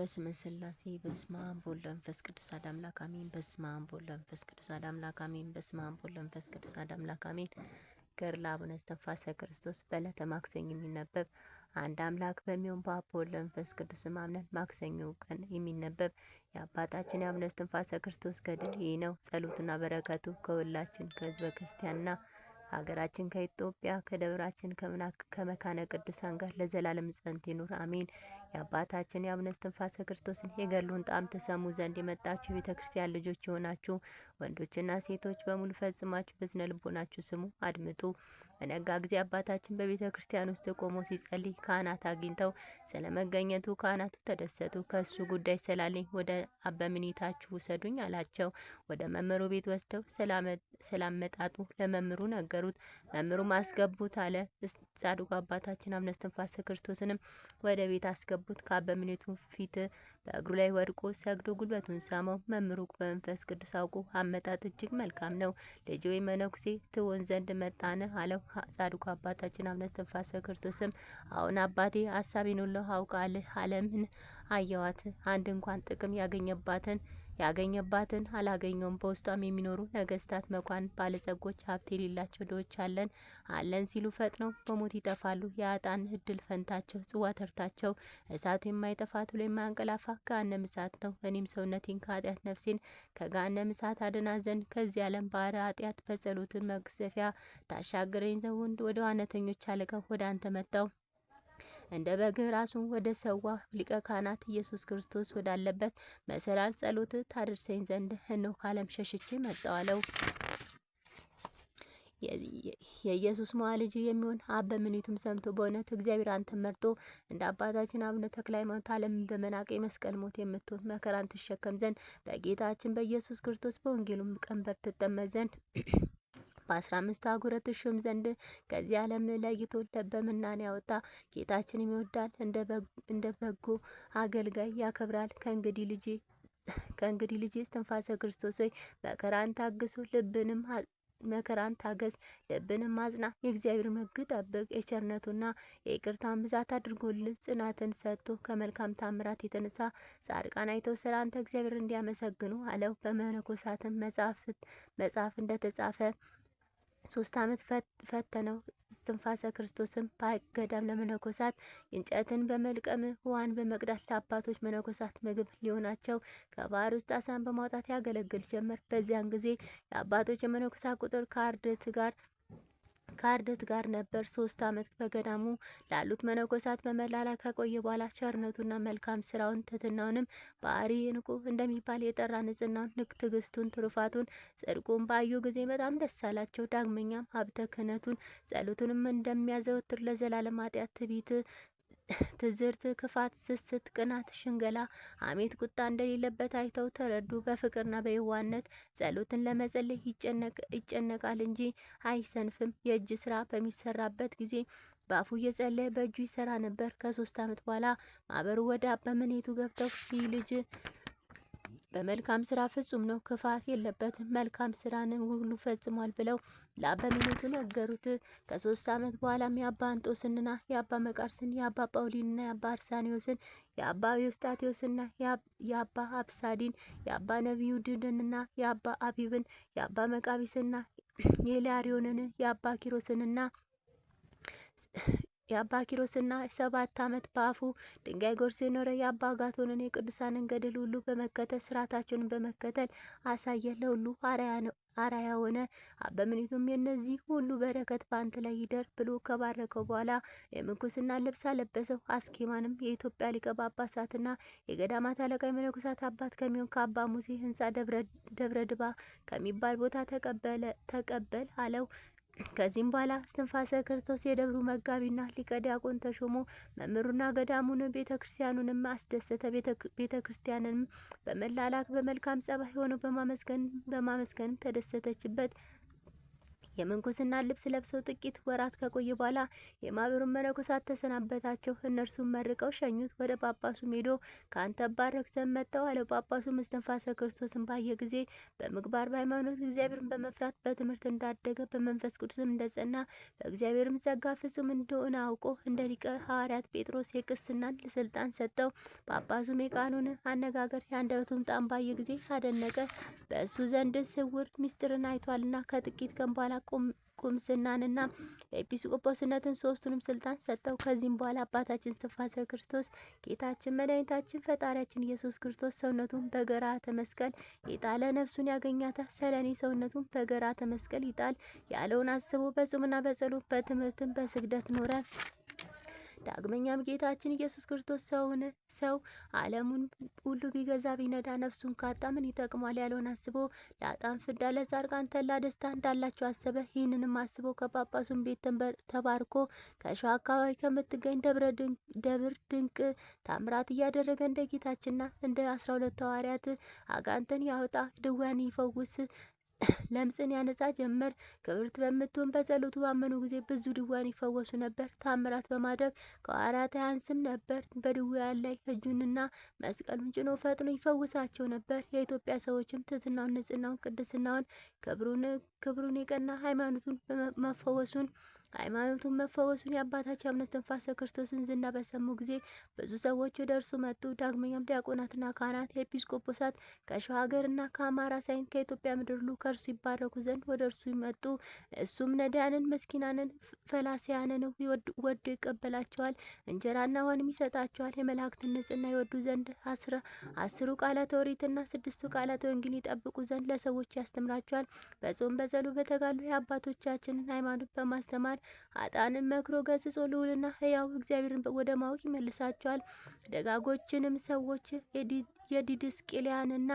በስመ ስላሴ በስመ አብ ወወልድ ወመንፈስ ቅዱስ አሐዱ አምላክ አሜን። በስመ አብ ወወልድ ወመንፈስ ቅዱስ አሐዱ አምላክ አሜን። በስመ አብ ወወልድ ወመንፈስ ቅዱስ አሐዱ አምላክ አሜን። ገድለ አቡነ እስትንፋሰ ክርስቶስ በዕለተ ማክሰኞ የሚነበብ አንድ አምላክ በሚሆን በአብ በወልድ በመንፈስ ቅዱስ አምነን ማክሰኞ ቀን የሚነበብ የአባታችን የአቡነ እስትንፋሰ ክርስቶስ ገድል ይህ ነው። ጸሎቱና በረከቱ ከሁላችን ከህዝበ ክርስቲያንና ሀገራችን ከኢትዮጵያ ከደብራችን ከመካነ ቅዱሳን ጋር ለዘላለም ጸንት ይኑር፣ አሜን። የአባታችን የአቡነ እስትንፋሰ ክርስቶስን የገድሉን ጣዕም ተሰሙ ዘንድ የመጣችሁ የቤተ ክርስቲያን ልጆች የሆናችሁ ወንዶችና ሴቶች በሙሉ ፈጽማችሁ በዝነ ልቦናችሁ ስሙ፣ አድምጡ። በነጋ ጊዜ አባታችን በቤተ ክርስቲያን ውስጥ ቆሞ ሲጸልይ ካህናት አግኝተው ስለመገኘቱ ካህናቱ ተደሰቱ። ከእሱ ጉዳይ ስላለኝ ወደ አበምኔታችሁ ውሰዱኝ አላቸው። ወደ መምህሩ ቤት ወስደው ስላመጣጡ ለመምህሩ ነገሩት። መምህሩም አስገቡት አለ። ጻድቁ አባታችን አቡነ እስትንፋሰ ክርስቶስንም ወደ ቤት አስገቡት። ከአበምኔቱ ፊት በእግሩ ላይ ወድቆ ሰግዶ ጉልበቱን ሳመው። መምህሩ በመንፈስ ቅዱስ አውቆ አመጣጥ እጅግ መልካም ነው። ልጅ ወይ መነኩሴ ትሆን ዘንድ መጣነ አለው። ጻድቁ አባታችን አቡነ እስትንፋሰ ክርስቶስም አሁን አባቴ ሀሳቤን ሁሉ አውቃለህ። ዓለምን አየዋት፣ አንድ እንኳን ጥቅም ያገኘባትን ያገኘባትን አላገኘውም። በውስጧም የሚኖሩ ነገስታት፣ መኳን፣ ባለጸጎች፣ ሀብት የሌላቸው ድሆች አለን አለን ሲሉ ፈጥነው በሞት ይጠፋሉ። የአጣን እድል ፈንታቸው ጽዋ ተርታቸው እሳቱ የማይጠፋ ትሎ የማያንቀላፋ ገሃነመ እሳት ነው። እኔም ሰውነቴን ከኃጢአት ነፍሴን ከገሃነመ እሳት አድና ዘንድ ከዚህ ዓለም ባህረ ኃጢአት በጸሎት መግዘፊያ ታሻግረኝ ዘንድ ወደ ዋነተኞች አለቃ ወደ አንተ መጣው። እንደ በግ ራሱን ወደ ሰዋ ሊቀ ካህናት ኢየሱስ ክርስቶስ ወዳለበት መሰላል ጸሎት ታደርሰኝ ዘንድ እነሆ ካለም ሸሽቼ መጣዋለው የኢየሱስ መዋ ልጅ የሚሆን አብ በምኔቱም ሰምቶ በእውነት እግዚአብሔር አንተ መርጦ እንደ አባታችን አቡነ ተክለ ሃይማኖት ዓለምን በመናቀ የመስቀል ሞት የምትሆን መከራን ትሸከም ዘንድ በጌታችን በኢየሱስ ክርስቶስ በወንጌሉም ቀንበር ትጠመዝ ዘንድ በአስራ አምስቱ አህጉረት ሹም ዘንድ ከዚህ ዓለም ለይቶ ለበምናን ያወጣ ጌታችን ይወዳል፣ እንደ በጎ አገልጋይ ያከብራል። ከእንግዲህ ልጄ ከእንግዲህ ልጅ እስትንፋሰ ክርስቶስ ሆይ መከራን ታግሱ፣ ልብንም መከራን ታገስ፣ ልብንም አጽና። የእግዚአብሔር ጠብቅ የቸርነቱና የይቅርታን ብዛት አድርጎልን ጽናትን ሰጥቶ ከመልካም ታምራት የተነሳ ጻድቃን አይተው ስለ አንተ እግዚአብሔር እንዲያመሰግኑ አለው። በመነኮሳትም መጽሐፍ እንደተጻፈ ሶስት ዓመት ፈተነው። እስትንፋሰ ክርስቶስም በገዳም ለመነኮሳት እንጨትን በመልቀም ውሃን በመቅዳት ለአባቶች መነኮሳት ምግብ ሊሆናቸው ከባህር ውስጥ አሳን በማውጣት ያገለግል ጀመር። በዚያን ጊዜ የአባቶች የመነኮሳት ቁጥር ከአርድእት ጋር ከአርድእት ጋር ነበር። ሶስት ዓመት በገዳሙ ላሉት መነኮሳት በመላላክ ከቆየ በኋላ ቸርነቱና መልካም ስራውን ትትናውንም ባህሪ ንቁ እንደሚባል የጠራ ንጽህናውን፣ ትዕግስቱን፣ ትሩፋቱን፣ ጽድቁን ባዩ ጊዜ በጣም ደስ አላቸው። ዳግመኛም ሀብተ ክህነቱን ጸሎቱንም እንደሚያዘወትር ለዘላለም ኃጢአት፣ ትቢት ትዝርት፣ ክፋት፣ ስስት፣ ቅናት፣ ሽንገላ፣ አሜት ቁጣ እንደሌለበት አይተው ተረዱ። በፍቅርና በየዋህነት ጸሎትን ለመጸለይ ይጨነቃል እንጂ አይሰንፍም። የእጅ ስራ በሚሰራበት ጊዜ በአፉ እየጸለየ በእጁ ይሰራ ነበር። ከሶስት ዓመት በኋላ ማህበሩ ወደ አበምኔቱ ገብተው ይህ ልጅ በመልካም ስራ ፍጹም ነው፣ ክፋት የለበትም፣ መልካም ስራን ሁሉ ፈጽሟል ብለው ለአባ ሚኖቱ ነገሩት። ከሶስት አመት በኋላም የአባ አንጦስንና የአባ መቃርስን የአባ ጳውሊንና የአባ አርሳኒዮስን የአባ ዮስጣቴዎስና የአባ አብሳዲን የአባ ነቢዩ ድድንና የአባ አቢብን የአባ መቃቢስና የኤልያሪዮንን የአባ ኪሮስንና የአባ ኪሮስና ሰባት ዓመት በአፉ ድንጋይ ጎርሶ የኖረ የአባ አጋቶንን የቅዱሳንን ገድል ሁሉ በመከተል ስርዓታቸውን በመከተል አሳየ። ለሁሉ አራያ ሆነ። በምኔቱም የእነዚህ ሁሉ በረከት በአንተ ላይ ይደር ብሎ ከባረከው በኋላ የምንኩስና ልብስ አለበሰው። አስኬማንም የኢትዮጵያ ሊቀ ጳጳሳትና የገዳማት አለቃ የመነኮሳት አባት ከሚሆን ከአባ ሙሴ ሕንጻ ደብረ ድባ ከሚባል ቦታ ተቀበል አለው። ከዚህም በኋላ እስትንፋሰ ክርስቶስ የደብሩ መጋቢና ሊቀ ዲያቆን ተሾሞ መምህሩና ገዳሙን ቤተ ክርስቲያኑንም አስደሰተ። ቤተ ክርስቲያንንም በመላላክ በመልካም ጸባይ ሆኖ በማመስገን በማመስገን ተደሰተችበት። የምንኩስና ልብስ ለብሰው ጥቂት ወራት ከቆዩ በኋላ የማህበሩን መነኮሳት ተሰናበታቸው። እነርሱም መርቀው ሸኙት። ወደ ጳጳሱ ሄዶ ከአንተ ባረክ ዘንድ መጣሁ ጳጳሱ እስትንፋሰ ክርስቶስን ባየ ጊዜ በምግባር በሃይማኖት እግዚአብሔርን በመፍራት በትምህርት እንዳደገ በመንፈስ ቅዱስም እንደጸና በእግዚአብሔርም ጸጋ ፍጹም እንደሆነ አውቆ እንደ ሊቀ ሐዋርያት ጴጥሮስ የቅስናን ስልጣን ሰጠው። ጳጳሱም የቃሉን አነጋገር የአንደበቱን ጣም ባየ ጊዜ አደነቀ። በእሱ ዘንድ ስውር ምስጢርን አይቷልና ከጥቂት ቀን በኋላ ቁምስናንና ኤጲስቆጶስነትን ሶስቱንም ስልጣን ሰጠው። ከዚህም በኋላ አባታችን እስትንፋሰ ክርስቶስ ጌታችን መድኃኒታችን ፈጣሪያችን ኢየሱስ ክርስቶስ ሰውነቱን በገራተ መስቀል የጣለ ነፍሱን ያገኛታል። ሰለኔ ሰውነቱን በገራተ መስቀል ይጣል ያለውን አስቦ በጾምና በጸሎት በትምህርትን በስግደት ኖረ። ዳግመኛም ጌታችን ኢየሱስ ክርስቶስ ሰውን ሰው ዓለሙን ሁሉ ቢገዛ ቢነዳ ነፍሱን ካጣ ምን ይጠቅማል ያለውን አስቦ ለአጣን ፍዳ ለጻድቃን ተላ ደስታ እንዳላቸው አሰበ። ይህንንም አስቦ ከጳጳሱን ቤት ተባርኮ ከሸዋ አካባቢ ከምትገኝ ደብር ድንቅ ታምራት እያደረገ እንደ ጌታችንና እንደ አስራ ሁለት ሐዋርያት አጋንንትን ያወጣ ድውያን ይፈውስ ለምጽን ያነጻ ጀመር። ክብርት በምትሆን በጸሎቱ ባመኑ ጊዜ ብዙ ድዋን ይፈወሱ ነበር። ታምራት በማድረግ ከአራት አያንስም ነበር። በድውያን ላይ እጁንና መስቀሉን ጭኖ ፈጥኖ ይፈውሳቸው ነበር። የኢትዮጵያ ሰዎችም ትትናውን ንጽህናውን፣ ቅድስናውን፣ ክብሩን ክብሩን የቀና ሃይማኖቱን መፈወሱን ሃይማኖቱን መፈወሱን የአባታቸው እምነት ትንፋሰ ክርስቶስን ዝና በሰሙ ጊዜ ብዙ ሰዎች ወደ እርሱ መጡ። ዳግመኛም ዲያቆናትና ካህናት፣ ኤጲስቆጶሳት ከሸዋ ሀገርና ከአማራ ሳይን ከኢትዮጵያ ምድር ሁሉ ከእርሱ ይባረኩ ዘንድ ወደ እርሱ ይመጡ። እሱም ነዳያንን፣ መስኪናንን፣ ፈላሲያንን ወዶ ይቀበላቸዋል። እንጀራና ውሃንም ይሰጣቸዋል። የመላእክትን ንጽና ይወዱ ዘንድ አስሩ ቃላት ኦሪትና ስድስቱ ቃላት ወንጌል ይጠብቁ ዘንድ ለሰዎች ያስተምራቸዋል። በጾም በተጋዘሉ በተጋሉ የአባቶቻችንን ሃይማኖት በማስተማር አጣንን መክሮ ገስጾ ልዑልና ህያው እግዚአብሔርን ወደ ማወቅ ይመልሳቸዋል። ደጋጎችንም ሰዎች የዲድስቅልያንና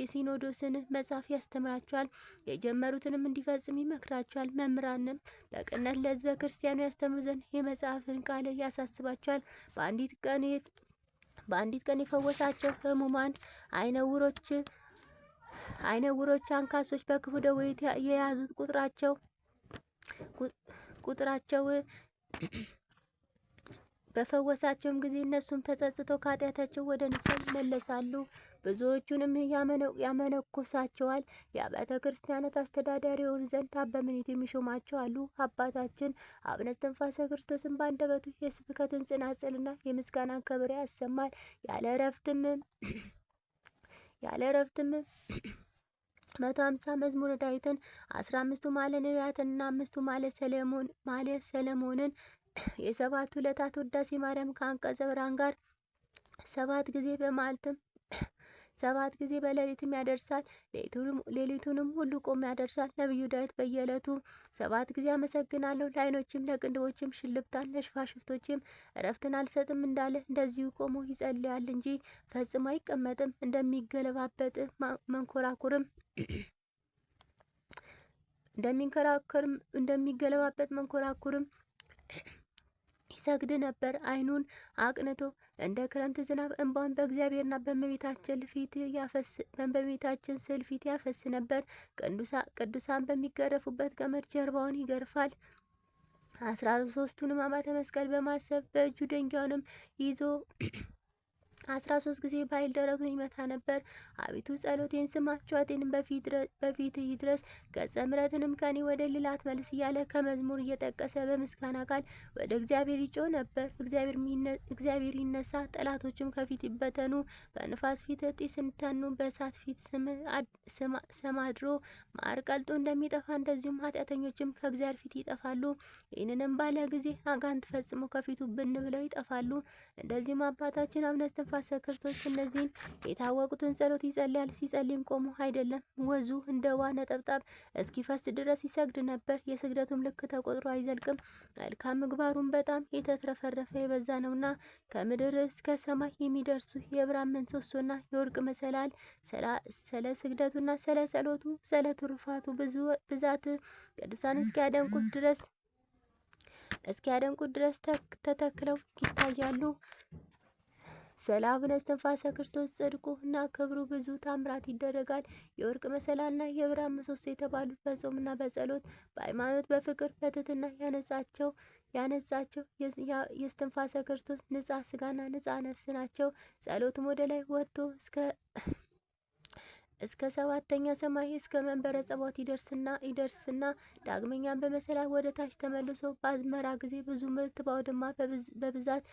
የሲኖዶስን መጽሐፍ ያስተምራቸዋል። የጀመሩትንም እንዲፈጽም ይመክራቸዋል። መምህራንም በቅነት ለህዝበ ክርስቲያኑ ያስተምሩ ዘንድ የመጽሐፍን ቃል ያሳስባቸዋል። በአንዲት ቀን በአንዲት ቀን የፈወሳቸው ህሙማን አይነውሮች። አይነውሮች አንካሶች በክፉ ደዌ የያዙት ቁጥራቸው ቁጥራቸው በፈወሳቸውም ጊዜ እነሱም ተጸጽተው ከኃጢአታቸው ወደ ንስሐ ይመለሳሉ። ብዙዎቹንም ያመነኮሳቸዋል። የአብያተ ክርስቲያናት አስተዳዳሪዎች ዘንድ በምኔት የሚሾማቸው አሉ። አባታችን አቡነ እስትንፋሰ ክርስቶስን በአንደበቱ የስብከትን ጽናጽልና የምስጋናን ክብር ያሰማል። ያለ እረፍትም ያለ እረፍትም መቶ ሀምሳ መዝሙረ ዳዊትን አስራ አምስቱ ማለ ነቢያትንና አምስቱ ማለ ሰለሞን ማለ ሰለሞንን የሰባቱ ዕለታት ውዳሴ ማርያም ከአንቀጸ ብርሃን ጋር ሰባት ጊዜ በማለትም ሰባት ጊዜ በሌሊትም ያደርሳል። ሌሊቱንም ሁሉ ቆም ያደርሳል። ነቢዩ ዳዊት በየዕለቱ ሰባት ጊዜ አመሰግናለሁ፣ ለዓይኖችም ለቅንድቦችም ሽልብታን ለሽፋሽፍቶችም እረፍትን አልሰጥም እንዳለ እንደዚሁ ቆሞ ይጸልያል እንጂ ፈጽሞ አይቀመጥም። እንደሚገለባበጥ መንኮራኩርም እንደሚንከራከርም እንደሚገለባበጥ መንኮራኩርም ይሰግድ ነበር። አይኑን አቅንቶ እንደ ክረምት ዝናብ እንባውን በእግዚአብሔርና በእመቤታችን ፊት ያፈስ በእመቤታችን ስዕል ፊት ያፈስ ነበር። ቅዱሳን በሚገረፉበት ገመድ ጀርባውን ይገርፋል። አስራ ሶስቱንም አማተ መስቀል በማሰብ በእጁ ደንጊያውንም ይዞ አስራ ሶስት ጊዜ በኃይል ደረቱን ይመታ ነበር። አቤቱ ጸሎቴን ስማቸው አጤንም በፊት ይድረስ ገጸ ምሕረትንም ከኔ ወደ ሌላ መልስ እያለ ከመዝሙር እየጠቀሰ በምስጋና ቃል ወደ እግዚአብሔር ይጮህ ነበር። እግዚአብሔር ይነሳ፣ ጠላቶችም ከፊት ይበተኑ። በንፋስ ፊት ጢስ እንተኑ፣ በእሳት ፊት ሰም አድሮ ማር ቀልጦ እንደሚጠፋ እንደዚሁም ኃጢአተኞችም ከእግዚአብሔር ፊት ይጠፋሉ። ይህንንም ባለ ጊዜ አጋንንት ፈጽሞ ከፊቱ ብን ብለው ይጠፋሉ። እንደዚሁም አባታችን አብነስትን የነፋስ ከብቶች እነዚህን የታወቁትን ጸሎት ይጸልያል። ሲጸልይም ቆሞ አይደለም፣ ወዙ እንደ ዋ ነጠብጣብ እስኪፈስ ድረስ ይሰግድ ነበር። የስግደቱም ልክ ተቆጥሮ አይዘልቅም። መልካም ምግባሩም በጣም የተትረፈረፈ የበዛ ነውና ከምድር እስከ ሰማይ የሚደርሱ የብርሃን ምሰሶና የወርቅ መሰላል ስለ ስግደቱና ስለ ጸሎቱ ስለ ትሩፋቱ ብዛት ቅዱሳን እስኪያደንቁት ድረስ እስኪያደንቁት ድረስ ተተክለው ይታያሉ። ሰላም ለእስትንፋሰ ክርስቶስ ጽድቁ እና ክብሩ ብዙ ታምራት ይደረጋል። የወርቅ መሰላልና የብርሃን ምሰሶ የተባሉት በጾምና በጸሎት በሃይማኖት በፍቅር በትህትና ያነጻቸው ያነጻቸው የእስትንፋሰ ክርስቶስ ንጻ ስጋና ንጻ ነፍስ ናቸው። ጸሎትም ወደ ላይ ወጥቶ እስከ እስከ ሰባተኛ ሰማይ እስከ መንበረ ጸባዖት ይደርስና ይደርስና ዳግመኛም በመሰላል ወደ ታች ተመልሶ በአዝመራ ጊዜ ብዙ ምርት በአውድማ በብዛት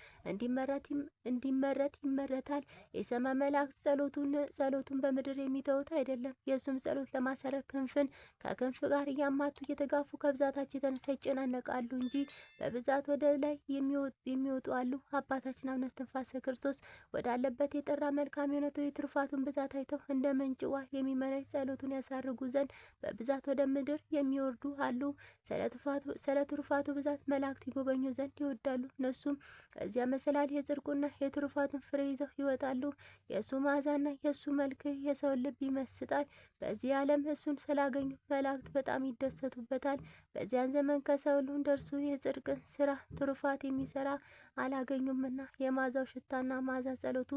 እንዲመረት ይመረታል። የሰማይ መላእክት ጸሎቱን ጸሎቱን በምድር የሚተውት አይደለም። የእሱም ጸሎት ለማሰረት ክንፍን ከክንፍ ጋር እያማቱ እየተጋፉ ከብዛታቸው የተነሳ ይጨናነቃሉ እንጂ በብዛት ወደ ላይ የሚወጡ አሉ። አባታችን አቡነ እስትንፋሰ ክርስቶስ ወዳለበት የጠራ መልካም የሆነ የትሩፋቱን ብዛት አይተው እንደ ምንጭ የሚመነጭ ጸሎቱን ያሳርጉ ዘንድ በብዛት ወደ ምድር የሚወርዱ አሉ። ስለ ትሩፋቱ ብዛት መላእክት ይጎበኙ ዘንድ ይወዳሉ። እነሱም ከዚያ መሰላል የጽድቁና የትሩፋቱን ፍሬ ይዘው ይወጣሉ። የእሱ መዓዛና የእሱ መልክ የሰው ልብ ይመስጣል። በዚህ ዓለም እሱን ስላገኙ መላእክት በጣም ይደሰቱበታል። በዚያን ዘመን ከሰው ሁሉ እንደ የጽድቅን ስራ ትሩፋት የሚሰራ አላገኙምና የማዛው ሽታና ማዛ ጸሎቱ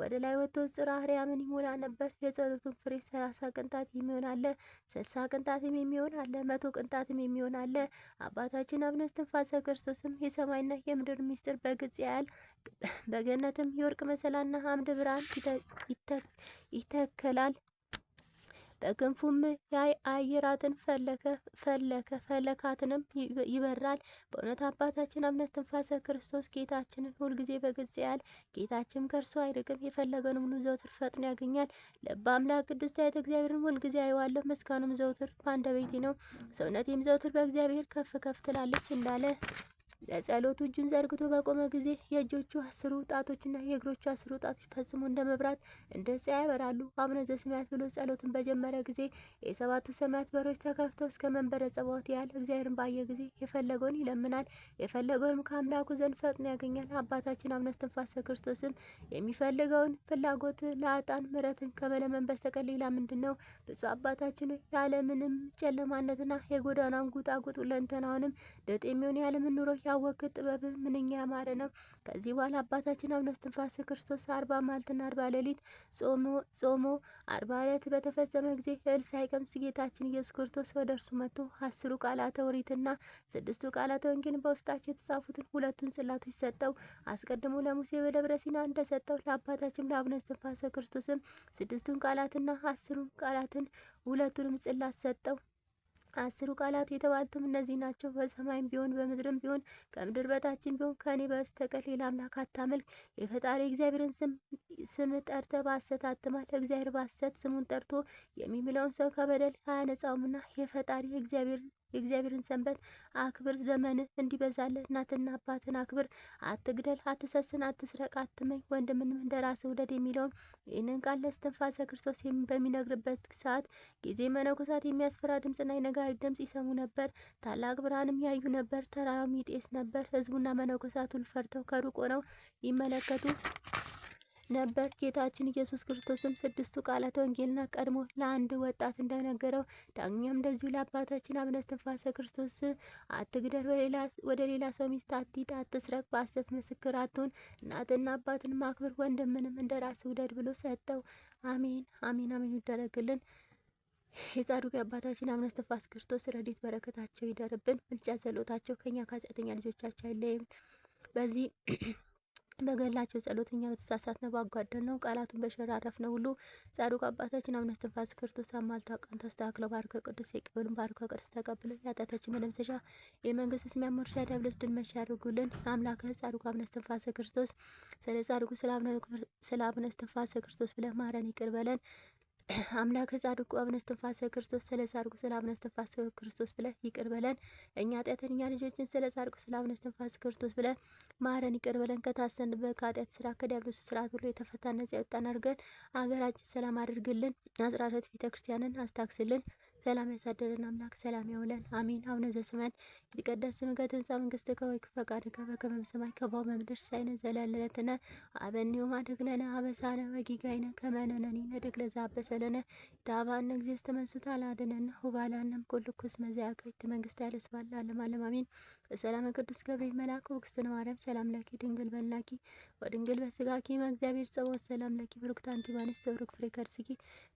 ወደ ላይ ወጥቶ ጽርሐ አርያምን ይሞላ ነበር። የጸሎቱን ፍሬ ሰላሳ ቅንጣት የሚሆን አለ፣ ስልሳ ቅንጣትም የሚሆን አለ፣ መቶ ቅንጣትም የሚሆን አለ። አባታችን አቡነ እስትንፋሰ ክርስቶስም የሰማይና የምድር ምስጢር በግልጽ ያያል። በገነትም የወርቅ መሰላና አምድ ብርሃን ይተከላል። በክንፉም አየራትን ፈለከ ፈለከ ፈለካትንም ይበራል። በእውነት አባታችን አምነት ትንፋሰ ክርስቶስ ጌታችንን ሁልጊዜ በግልጽ ያል ጌታችን ከእርሱ አይርቅም። የፈለገንም ሁሉ ዘውትር ፈጥኖ ያገኛል። ልበ አምላክ ቅዱስ ዳዊት እግዚአብሔርን ሁልጊዜ አየዋለሁ፣ ምስጋኑም ዘውትር በአንደበቴ ነው፣ ሰውነቴም ዘውትር በእግዚአብሔር ከፍ ከፍ ትላለች እንዳለ ለጸሎቱ እጁን ዘርግቶ በቆመ ጊዜ የእጆቹ አስሩ ጣቶችና የእግሮቹ አስሩ ጣቶች ፈጽሞ እንደ መብራት እንደ ፀሐይ ያበራሉ። አቡነ ዘሰማያት ብሎ ጸሎትን በጀመረ ጊዜ የሰባቱ ሰማያት በሮች ተከፍተው እስከ መንበረ ጸባዖት ያህል እግዚአብሔርን ባየ ጊዜ የፈለገውን ይለምናል፣ የፈለገውንም ከአምላኩ ዘንድ ፈጥኖ ያገኛል። አባታችን አቡነ እስትንፋሰ ክርስቶስም የሚፈልገውን ፍላጎት ለአጣን ምረትን ከመለመን በስተቀር ሌላ ምንድን ነው? ብፁዕ አባታችን የዓለምንም ጨለማነትና የጎዳናን ጉጣጉጥ ሁለንተናውንም ድጥ የሚሆን የዓለምን ኑሮ ያወክ ጥበብ ምንኛ ያማረ ነው። ከዚህ በኋላ አባታችን አቡነ እስትንፋሰ ክርስቶስ አርባ መዓልትና አርባ ሌሊት ጾሞ አርባ ዕለት በተፈጸመ ጊዜ እህል ሳይቀምስ ጌታችን ኢየሱስ ክርስቶስ ወደ እርሱ መጥቶ አስሩ ቃላተ ኦሪትና ስድስቱ ቃላተ ወንጌል በውስጣቸው የተጻፉትን ሁለቱን ጽላቶች ሰጠው። አስቀድሞ ለሙሴ በደብረ ሲና እንደሰጠው ለአባታችን ለአቡነ እስትንፋሰ ክርስቶስም ስድስቱን ቃላትና አስሩን ቃላትን ሁለቱንም ጽላት ሰጠው። አስሩ ቃላት የተባሉትም እነዚህ ናቸው። በሰማይም ቢሆን በምድርም ቢሆን ከምድር በታችም ቢሆን ከእኔ በስተቀር ሌላ አምላክ አታመልክ። የፈጣሪ እግዚአብሔርን ስም ጠርተ በሐሰት አትማል። እግዚአብሔር በሐሰት ስሙን ጠርቶ የሚምለውን ሰው ከበደል አያነጻውምና የፈጣሪ እግዚአብሔር የእግዚአብሔርን ሰንበት አክብር፣ ዘመን እንዲበዛል እናትና አባትን አክብር፣ አትግደል፣ አትሰስን፣ አትስረቅ፣ አትመኝ፣ ወንድምን እንደ ራስ ውደድ የሚለውን ይህንን ቃል ለእስትንፋሰ ክርስቶስ በሚነግርበት ሰዓት ጊዜ መነኮሳት የሚያስፈራ ድምፅና የነጋሪ ድምፅ ይሰሙ ነበር። ታላቅ ብርሃንም ያዩ ነበር። ተራራውም ይጤስ ነበር። ህዝቡና መነኮሳቱን ፈርተው ከሩቅ ሆነው ይመለከቱ ነበር። ጌታችን ኢየሱስ ክርስቶስም ስድስቱ ቃላት ወንጌልና ቀድሞ ለአንድ ወጣት እንደነገረው ዳግመኛም እንደዚሁ ለአባታችን አቡነ እስትንፋሰ ክርስቶስ አትግደል፣ ወደ ሌላ ሰው ሚስት አትሂድ፣ አትስረቅ፣ በሐሰት ምስክር አትሁን፣ እናትና አባትን ማክብር፣ ወንድምንም እንደ ራስ ውደድ ብሎ ሰጠው። አሜን አሜን አሜን ይደረግልን። የጻድቁ አባታችን አቡነ እስትንፋሰ ክርስቶስ ረድኤት በረከታቸው ይደርብን። ምልጃ ጸሎታቸው ከኛ ከኃጢአተኛ ልጆቻቸው አይለይም። በዚህ በገላቸው ጸሎተኛ በተሳሳት ነው ባጓደል ነው ቃላቱን በሸራረፍ ነው ሁሉ ጻድቁ አባታችን አቡነ እስትንፋሰ ክርስቶስ አማልቶ አቃንቶ ተስተካክሎ ባርከ ቅዱስ የቅብልን ባርከ ቅዱስ ተቀብሎ ያጣታችን መደምሰሻ የመንግስት ስሚያ መርሻ ዲያብሎስ ድል መንሻ ያድርጉልን። አምላከ ጻድቁ አቡነ እስትንፋሰ ክርስቶስ ስለ ጻድቁ ስለ አቡነ እስትንፋሰ ክርስቶስ ብለህ ማረን ይቅር በለን። አምላክ ጻድቁ አቡነ እስትንፋሰ ክርስቶስ ስለ ጻድቁ ስለ አቡነ እስትንፋሰ ክርስቶስ ብለ ይቅር በለን። እኛ ኃጢአተኛ ልጆችን ስለ ጻድቁ ስለ አቡነ እስትንፋሰ ክርስቶስ ብለ ማረን፣ ይቅር በለን። ከታሰንበት ከኃጢአት ስራ ከዲያብሎስ ስርዓት ሁሉ የተፈታ ነጻ ያወጣን አድርገን አገራችን ሰላም አድርግልን። አጽራረት ቤተ ክርስቲያንን አስታክስልን። ሰላም ያሳደረን አምላክ ሰላም ያውለን፣ አሜን። አቡነ ዘስምዐን ይትቀደስ ስምከ ትምጻእ መንግሥትከ ወይኩን ፈቃድከ በከመ በሰማይ ከማሁ በምድር ሲሳየነ ዘለለዕለትነ ሀበነ ዮም አድኅግ ለነ አበሳነ ወጌጋየነ ከመ ንሕነኒ ንኅድግ ለዘአበሰ ለነ ኢታብአነ እግዚእስተ መንሱት አልሃደነነ ሁባለ አነ እምኩሉ ኩስ መዛያከ ይእቲ መንግሥተ ያለ ለዓለመ ዓለም አሜን። በሰላም ቅዱስ ገብርኤል መልአክ ውእግዝእትነ ማርያም ሰላም ለኪ ድንግል በላኪ ወድንግል በስጋ ኪመ እግዚአብሔር ጸወት ሰላም ለኪ ብሩክት አንቲ እምአንስት ብሩክ ፍሬ ከርስኪ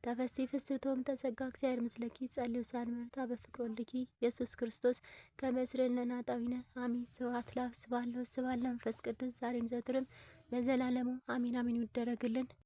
ተፈሥሒ ፍሥሕቶሙ ተጸጋ እግዚአብሔር ምስለኪ ጸልዩ መርታ በፍቅር ወልድኪ ኢየሱስ ክርስቶስ ከመስርነ ናጣዊነ አሚን ስብሐት ለአብ ስብሐት ለወልድ ስብሐት ለመንፈስ ቅዱስ ዛሬም ዘወትርም ለዘላለሙ አሚን አሚን ይደረግልን።